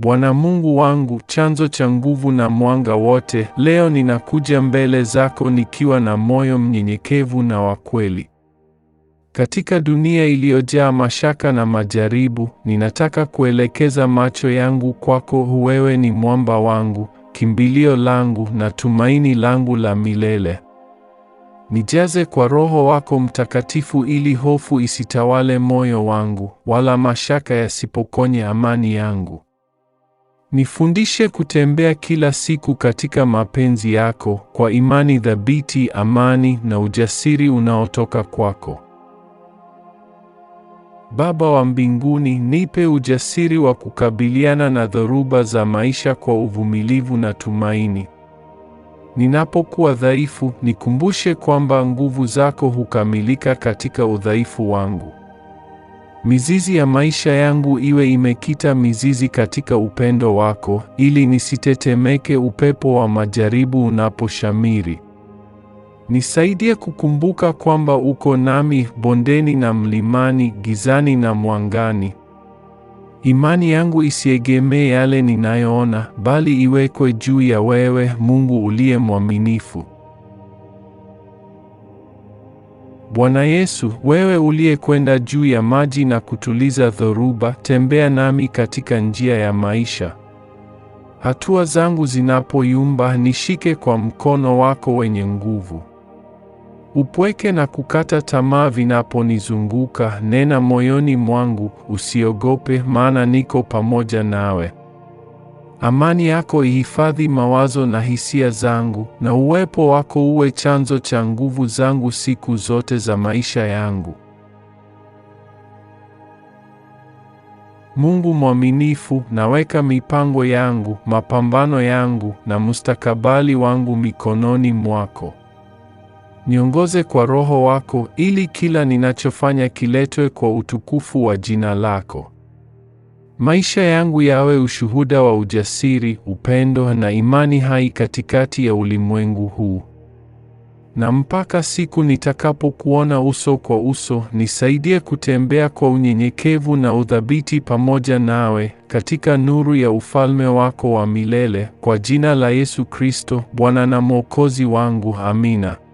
Bwana Mungu wangu, chanzo cha nguvu na mwanga wote, leo ninakuja mbele zako nikiwa na moyo mnyenyekevu na wa kweli. Katika dunia iliyojaa mashaka na majaribu, ninataka kuelekeza macho yangu kwako. Wewe ni mwamba wangu, kimbilio langu na tumaini langu la milele. Nijaze kwa Roho wako Mtakatifu ili hofu isitawale moyo wangu, wala mashaka yasipokonye amani yangu. Nifundishe kutembea kila siku katika mapenzi yako kwa imani thabiti, amani na ujasiri unaotoka kwako. Baba wa mbinguni, nipe ujasiri wa kukabiliana na dhoruba za maisha kwa uvumilivu na tumaini. Ninapokuwa dhaifu, nikumbushe kwamba nguvu zako hukamilika katika udhaifu wangu. Mizizi ya maisha yangu iwe imekita mizizi katika upendo wako, ili nisitetemeke upepo wa majaribu unaposhamiri. Nisaidie kukumbuka kwamba uko nami bondeni na mlimani, gizani na mwangani. Imani yangu isiegemee yale ninayoona, bali iwekwe juu ya wewe, Mungu uliye mwaminifu. Bwana Yesu, wewe uliyekwenda juu ya maji na kutuliza dhoruba, tembea nami katika njia ya maisha. Hatua zangu zinapoyumba, nishike kwa mkono wako wenye nguvu. Upweke na kukata tamaa vinaponizunguka, nena moyoni mwangu, usiogope, maana niko pamoja nawe. Amani yako ihifadhi mawazo na hisia zangu, na uwepo wako uwe chanzo cha nguvu zangu siku zote za maisha yangu. Mungu mwaminifu, naweka mipango yangu, mapambano yangu na mustakabali wangu mikononi mwako. Niongoze kwa Roho wako ili kila ninachofanya kiletwe kwa utukufu wa jina lako. Maisha yangu yawe ushuhuda wa ujasiri, upendo na imani hai katikati ya ulimwengu huu. Na mpaka siku nitakapokuona uso kwa uso, nisaidie kutembea kwa unyenyekevu na uthabiti pamoja nawe katika nuru ya ufalme wako wa milele, kwa jina la Yesu Kristo, Bwana na Mwokozi wangu. Amina.